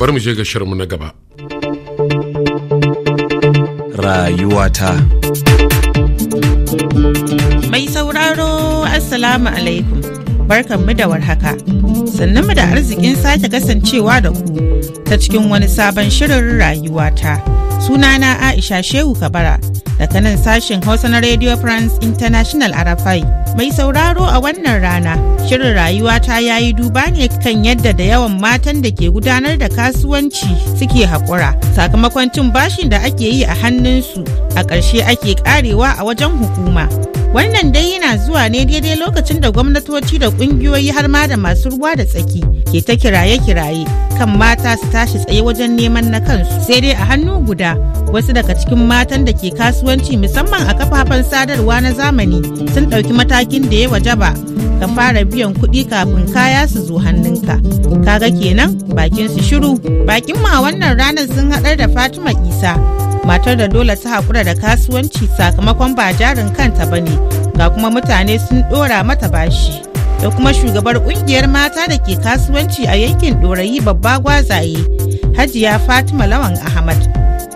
bari mu je ga shirinmu na gaba rayuwata mai sauraro assalamu alaikum barkanmu da warhaka mu da arzikin sake kasancewa da ku ta cikin wani sabon shirin rayuwata sunana aisha shehu kabara daga nan sashen hausa na radio france international arafai Mai sauraro a wannan rana, shirin rayuwa ta yayi duba ne kan yadda da yawan matan da ke gudanar da kasuwanci suke haƙura sakamakon cin bashin da ake yi a hannunsu a ƙarshe ake ƙarewa a wajen hukuma. Wannan dai yana zuwa ne daidai lokacin da gwamnatoci da ƙungiyoyi har ma da masu ruwa da tsaki ke ta kiraye-kiraye kan mata su tashi tsaye wajen neman na kansu sai dai a hannu guda wasu daga cikin matan da ke kasuwanci musamman a kafafen sadarwa na zamani sun ɗauki mataki matakin da ya waje ba, ka fara biyan kuɗi kafin kaya su zo hannunka kaga kenan bakin su shiru bakin ma wannan ranar sun haɗar da fatima isa matar da dole ta haƙura da kasuwanci sakamakon ba jarin kanta ba ne ga kuma mutane sun ɗora mata bashi da kuma shugabar ƙungiyar mata da ke kasuwanci a yankin ɗorayi babba gwazaye hajiya fatima lawan ahmad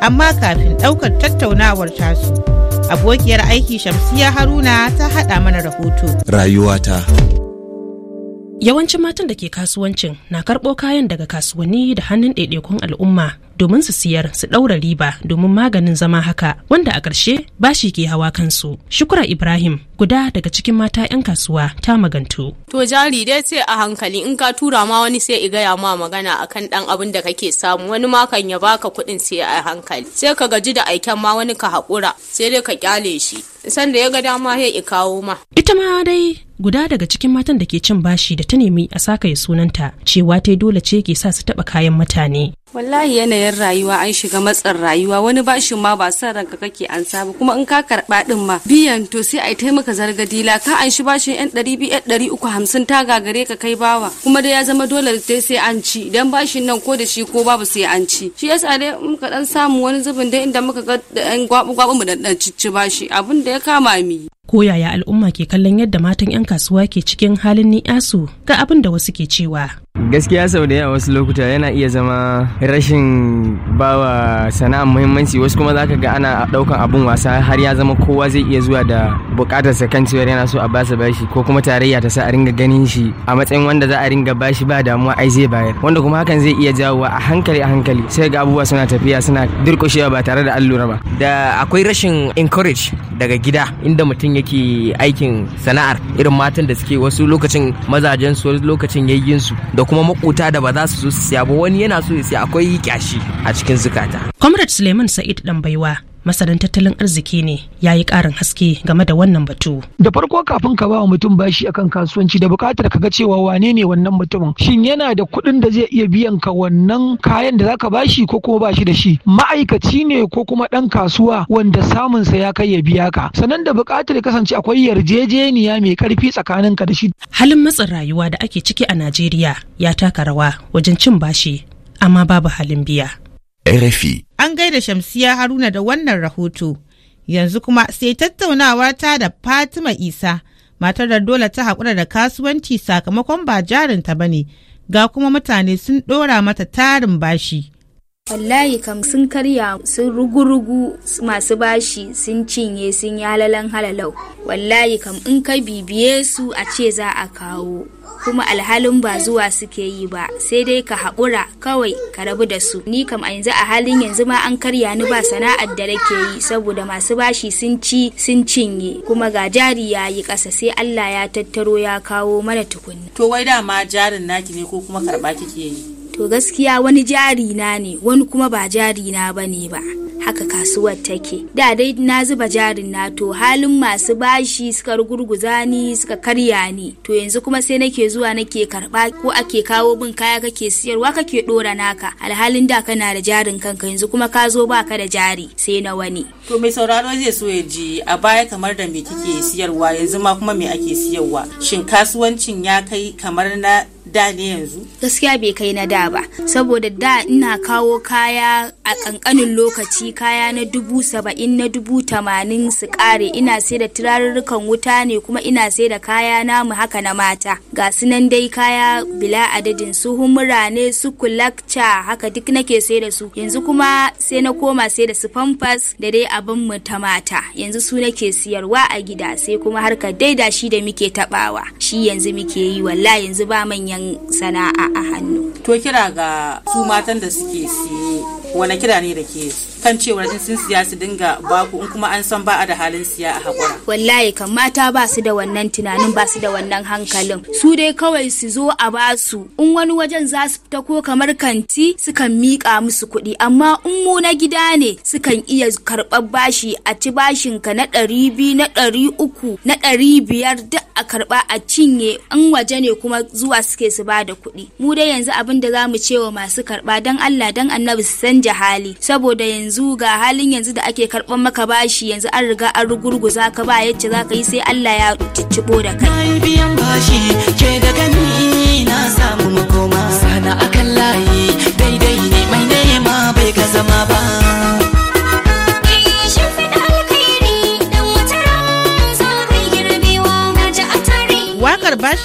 amma kafin ɗaukar tattaunawar tasu abokiyar aiki shamsiya haruna ta haɗa mana rahoto rayuwata yawancin matan da ke kasuwancin na karɓo kayan daga kasuwanni da hannun ɗaiɗaikun al'umma domin su siyar su ɗaura riba domin maganin zama haka wanda a ƙarshe bashi ke hawa kansu shukura ibrahim guda daga cikin mata 'yan kasuwa ta magantu. To jari dai sai a hankali in ka tura ma wani sai i gaya ma magana a kan ɗan abin da kake samu wani ma kan ya baka kuɗin sai a hankali sai ka gaji da aiken ma wani ka haƙura sai dai ka kyale shi sanda ya ga dama ya i kawo ma. Ita ma dai guda daga cikin matan da ke cin bashi da ta nemi a saka ya sunanta cewa ta dole ce ke sa su taɓa kayan mutane. wallahi yanayin rayuwa an shiga matsar rayuwa wani bashin ma ba son ranka kake an saba kuma in ka karɓa ɗin ma biyan to sai a taimaka maka zargadila ka an shi bashin yan ɗari biyu ɗari uku hamsin ta gagare ka kai bawa kuma da ya zama dole dai sai an ci idan bashin nan ko da shi ko babu sai an ci shi yasa dai muka dan samu wani zubin dai inda muka ga yan gwabu gwabu mu dan cicci bashi abin da ya kama mi ko yaya al'umma ke kallon yadda matan 'yan kasuwa ke cikin halin ni'asu ga abin da wasu ke cewa gaskiya sau da yawa wasu lokuta yana iya zama rashin bawa sana'a muhimmanci wasu kuma zaka ga ana daukan abun wasa har ya zama kowa zai iya zuwa da bukatar sa kan cewar yana so a basa bashi ko kuma tarayya ta sa a ringa ganin shi a matsayin wanda za a ringa bashi ba damuwa ai zai bayar wanda kuma hakan zai iya jawo a hankali a hankali sai ga abubuwa suna tafiya suna durkushewa ba tare da allura ba da akwai rashin encourage daga gida inda mutum yake aikin sana'ar irin matan da suke wasu lokacin mazajen su wasu lokacin yayyin su da kuma makuta da ba za su so su siya ba wani yana so ya siya akwai kyashi a cikin zukata. Comrade Suleiman Sa'id Dambaiwa masanin tattalin arziki ne ya yi ƙarin haske game da wannan batu. Da farko kafin ka ba wa mutum bashi akan kasuwanci da buƙatar ka ga cewa wane ne wannan mutumin shin yana da kuɗin da zai iya biyan ka wannan kayan da zaka bashi ko kuma bashi da shi ma'aikaci ne ko kuma ɗan kasuwa wanda samun sa ya kai ya biya ka sannan da buƙatar kasance akwai yarjejeniya mai ƙarfi tsakanin ka da shi. Halin matsin rayuwa da ake ciki a Najeriya ya taka rawa wajen cin bashi amma babu halin biya. RFI An gaida Shamsiya Haruna da wannan rahoto. Yanzu kuma sai tattaunawa ta da Fatima Isa, matar da dole ta haƙura da kasuwanci sakamakon ba jarinta ba ne, ga kuma mutane sun ɗora mata tarin bashi. wallahi kam sun karya sun rugu masu bashi sun cinye sun yi halalan halalau wallahi kam in ka bibiye su a ce za a kawo kuma alhalin ba zuwa suke yi ba sai dai ka haƙura kawai ka rabu da su ni kam a yanzu a halin yanzu ma an karya ni ba sana'ar da nake yi saboda masu bashi sun ci sun cinye kuma ga jari ya yi ƙasa sai Allah ya tattaro ya kawo mana tukunna to wai dama jarin naki ne ko kuma karɓa kike yi to gaskiya wani jari na ne wani kuma ba jari na bane ba haka kasuwar take da dai na zuba jarin na to halin masu bashi suka rugurguza ni suka karya ni to yanzu kuma sai nake zuwa nake karba ko ake kawo bin kaya kake siyarwa kake dora naka alhalin da kana da jarin kanka yanzu kuma ka zo baka da jari sai na wani to mai sauraro zai so ya ji a baya kamar da me kike siyarwa yanzu ma kuma me ake siyarwa shin kasuwancin ya kai kamar na da yanzu? Gaskiya bai kai na da ba, saboda da ina kawo kaya a kankanin lokaci kaya na dubu saba'in na dubu tamanin su kare ina sai da turarurrukan wuta ne kuma ina sai da kaya namu haka na mata. Ga su nan dai kaya bila adadin su humura ne su kulakca haka duk nake sai da su. Yanzu kuma sai na koma sai da su famfas da dai abin mu ta mata. Yanzu su nake siyarwa a gida sai kuma harka dai da shi da muke tabawa. Shi yanzu muke yi wallahi yanzu ba manya manyan sana'a a hannu to kira ga su matan da suke siye wani kira ne da ke kan cewa in sun siya su dinga baku in kuma an san ba a da halin siya a haƙura. Wallahi kan mata ba su da wannan tunanin ba su da wannan hankalin. Su dai kawai su zo a ba su in wani wajen za su fita ko kamar kanti su kan miƙa musu kuɗi amma in mu na gida ne su kan iya karɓar bashi a ci bashin ka na ɗari biyu na ɗari uku na ɗari biyar duk a karɓa a cinye in waje ne kuma zuwa suke su ba da kuɗi. Mu dai yanzu abin da za mu ce wa masu karɓa dan Allah don annabi su san canja hali saboda yanzu ga halin yanzu da ake karban maka bashi yanzu an riga an rugurguza ka ba yacce zaka yi sai Allah ya ciccibo da kai. Na biyan bashi ke daga ni na sa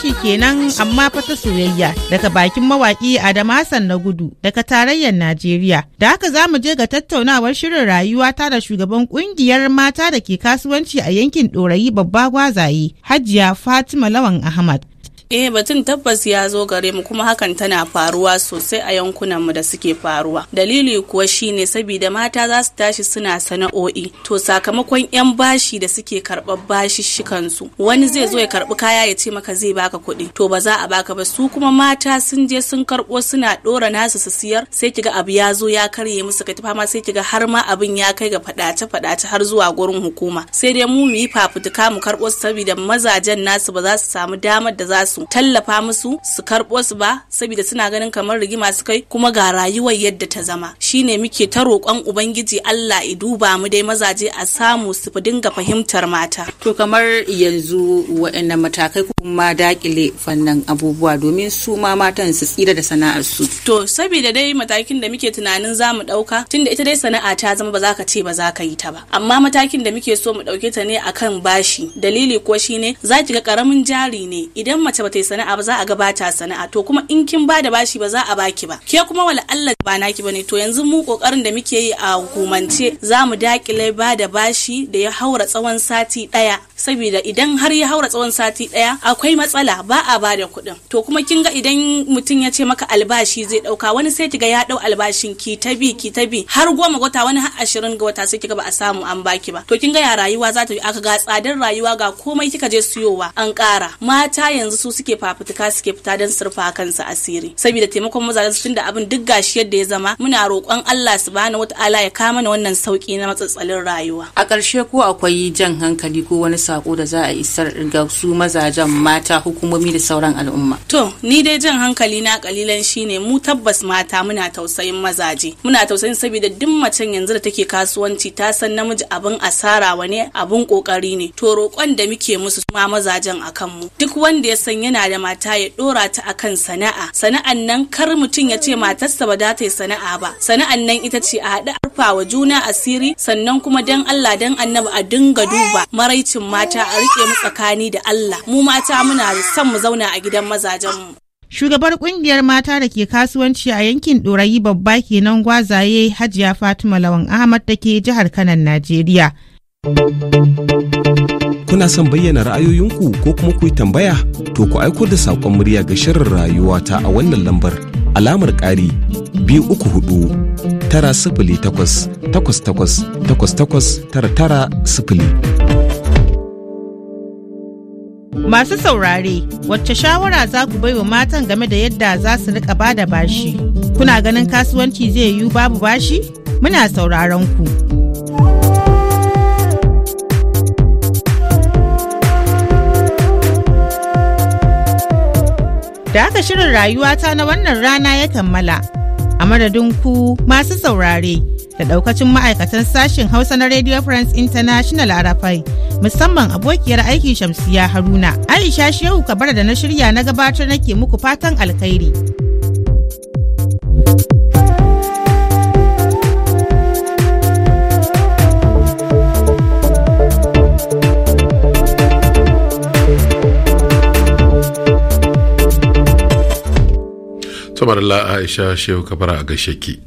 tashi kenan amma fa ta soyayya daga bakin mawaki Adamu Hassan na gudu daga tarayyar Najeriya. Da haka za mu je ga tattaunawar shirin rayuwa ta da shugaban kungiyar mata da ke kasuwanci a yankin Ɗorayi babba gwazaye Hajiya Fatima Lawan Ahmad. Eh batun tabbas ya zo gare mu kuma hakan tana faruwa sosai a yankunan mu da suke faruwa. Dalili kuwa shine saboda mata za su tashi suna sana'o'i to sakamakon yan bashi da suke karbar bashi shikan su, wani zai zo ya karɓi kaya ya ce maka zai baka kuɗi to ba za a baka ba su kuma mata sun je sun karɓo suna ɗora nasu su siyar sai kiga abu ya zo ya karye musu ka tafa ma sai kiga har ma abin ya kai ga faɗace faɗace har zuwa gurin hukuma sai dai mu mu yi fafutuka mu karɓo su saboda mazajen nasu ba za su samu damar da za su su tallafa musu su karɓo su ba saboda suna ganin kamar rigima su kai kuma ga rayuwar yadda ta zama shine muke ta roƙon ubangiji Allah i duba mu dai mazaje a samu su fi dinga fahimtar mata to kamar yanzu waɗannan matakai kuma dakile fannin abubuwa domin su ma matan su tsira da sana'ar su to saboda dai matakin da muke tunanin za mu ɗauka tunda ita dai sana'a ta zama ba za ka ce ba za ka yi ta ba amma matakin da muke so mu ɗauke ta ne akan bashi dalili ko shine za ki ga ƙaramin jari ne idan mace bata yi sana'a ba za a gabata sana'a to kuma in kin ba da bashi ba za a baki ba ke kuma wala Allah ba naki bane to yanzu mu kokarin da muke yi a hukumance za mu dakile ba da bashi da ya haura tsawon sati daya saboda idan har ya haura tsawon sati ɗaya, akwai matsala ba a bada kuɗin to kuma kin ga idan mutum ya ce maka albashi zai ɗauka, wani sai kiga ya ɗau albashin ki ta bi ki ta bi har goma wata wani har ashirin ga wata sai kiga ba a samu an baki ba to kin ga ya rayuwa za ta yi aka ga tsadar rayuwa ga komai kika je siyowa an ƙara mata yanzu su suke fafutuka suke fita don surfa kansu asiri saboda taimakon mazajen su tunda abin duk gashi yadda ya zama muna roƙon Allah subhanahu wataala ya kama na wannan sauki na matsatsalin rayuwa a ƙarshe ko akwai jan hankali ko wani sako da za a isar ga su mazajen mata hukumomi da sauran al'umma to ni dai jan hankali na kalilan shine mu tabbas mata muna tausayin mazaje muna tausayin saboda duk macen yanzu da take kasuwanci ta san namiji abin asara ne abin kokari ne to roƙon da muke musu ma mazajen akan mu duk wanda ya san yana da mata ya dora ta akan sana'a sana'an nan kar mutum ya ce matarsa ba za ta yi sana'a ba sana'an nan ita ce a haɗa arfa wa juna asiri sannan kuma dan Allah dan annabi a dinga duba maraicin ma mata a rike mu tsakani da Allah mu mata muna son mu zauna a gidan mazajenmu. Shugabar kungiyar mata da ke kasuwanci a yankin Ɗorayi babba kenan gwazaye Hajiya Fatima Lawan Ahmad da ke jihar Kanan Najeriya. Kuna son bayyana ra'ayoyinku ko kuma ku tambaya? To ku aiko da saƙon murya ga shirin rayuwa ta a wannan lambar alamar ƙari biyu uku hudu tara sifili takwas takwas takwas takwas takwas tara tara sifili. Masu saurare, wacce shawara za ku baiwa matan game da yadda za su rika bada bashi? Kuna ganin kasuwanci zai yiwu babu bashi? Muna sauraron ku. Da aka shirin rayuwata na wannan rana ya kammala, a madadin ku masu saurare. da daukacin ma'aikatan sashen Hausa na Radio France International Arafai musamman abokiyar aiki Shamsiya Haruna. Aisha Shehu Kabara da na shirya na gabatar nake muku fatan alkhairi. Samarla Aisha Shehu Kabara a gaishe ki.